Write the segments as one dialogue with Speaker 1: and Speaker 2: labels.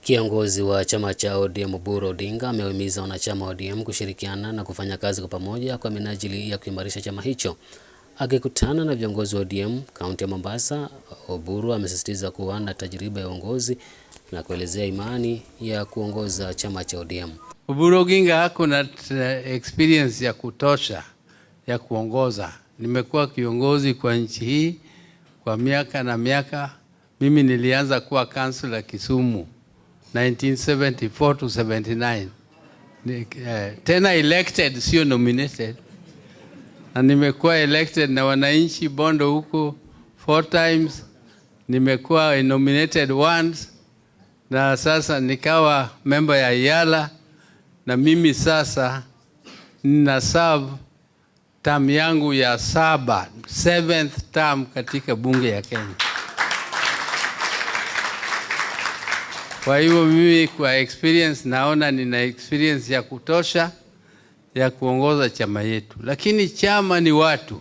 Speaker 1: Kiongozi wa chama cha ODM Oburu Odinga amewahimiza wanachama wa ODM kushirikiana na kufanya kazi kwa pamoja kwa minajili ya kuimarisha chama hicho. Akikutana na viongozi wa ODM kaunti ya Mombasa, Oburu amesisitiza kuwa na tajriba ya uongozi na kuelezea imani ya kuongoza chama cha ODM.
Speaker 2: Oburu Oginga kuna na eh, experience ya kutosha ya kuongoza. Nimekuwa kiongozi kwa nchi hii kwa miaka na miaka. Mimi nilianza kuwa kansula Kisumu. 1974 to 79 uh, eh, tena elected sio nominated, na nimekuwa elected na wananchi Bondo huko four times, nimekuwa nominated once, na sasa nikawa member ya Yala, na mimi sasa nina serve term yangu ya saba, seventh term katika bunge ya Kenya. Kwa hiyo mimi kwa experience naona nina experience ya kutosha ya kuongoza chama yetu, lakini chama ni watu,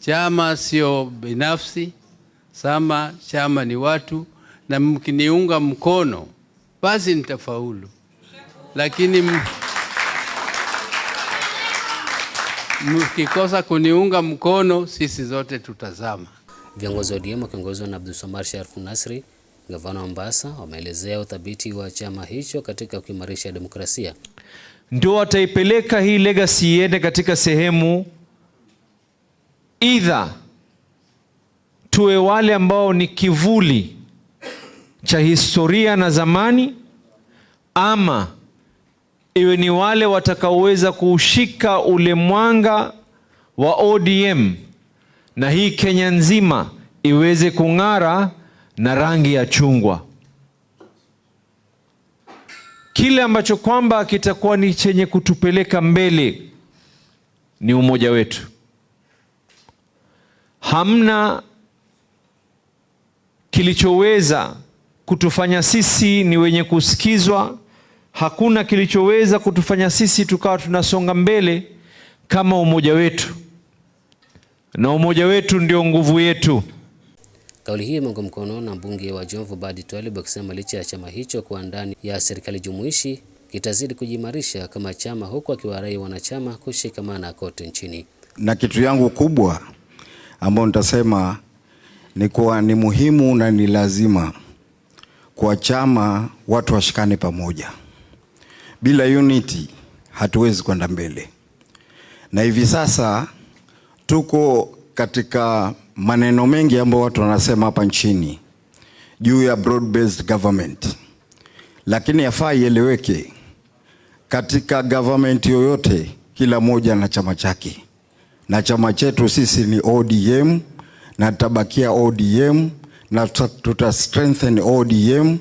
Speaker 2: chama sio binafsi sama, chama ni watu, na mkiniunga mkono basi nitafaulu, lakini mkikosa kuniunga mkono, sisi zote tutazama.
Speaker 1: Viongozi wa ODM wakiongozwa na Abdulswamad Sharif Nasri Gavana wa Mombasa wameelezea uthabiti wa chama hicho katika kuimarisha demokrasia.
Speaker 3: Ndio wataipeleka hii legacy iende katika sehemu idha tuwe wale ambao ni kivuli cha historia na zamani, ama iwe ni wale watakaoweza kuushika ule mwanga wa ODM na hii Kenya nzima iweze kung'ara na rangi ya chungwa, kile ambacho kwamba kitakuwa ni chenye kutupeleka mbele ni umoja wetu. Hamna kilichoweza kutufanya sisi ni wenye kusikizwa. Hakuna kilichoweza kutufanya sisi tukawa tunasonga mbele kama umoja wetu, na umoja wetu ndio nguvu yetu.
Speaker 1: Kauli hii imeungwa mkono na mbunge wa Jomvu Badi Twalib akisema licha ya chama hicho kuwa ndani ya serikali jumuishi kitazidi kujiimarisha kama chama, huku akiwarai wanachama kushikamana kote nchini.
Speaker 4: Na kitu yangu kubwa ambayo nitasema ni kuwa ni muhimu na ni lazima kwa chama watu washikane pamoja. Bila unity hatuwezi kwenda mbele, na hivi sasa tuko katika maneno mengi ambayo watu wanasema hapa nchini juu ya broad based government, lakini yafaa ieleweke katika government yoyote, kila moja na chama chake, na chama chetu sisi ni ODM na tabakia ODM na tuta strengthen ODM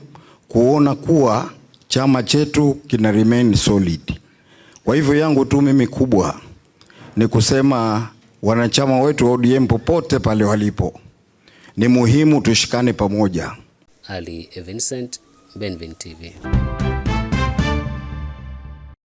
Speaker 4: kuona kuwa chama chetu kina remain solid. Kwa hivyo yangu tu mimi kubwa ni kusema wanachama wetu wa ODM popote pale walipo, ni muhimu tushikane pamoja. Ali Vincent, Benvin TV.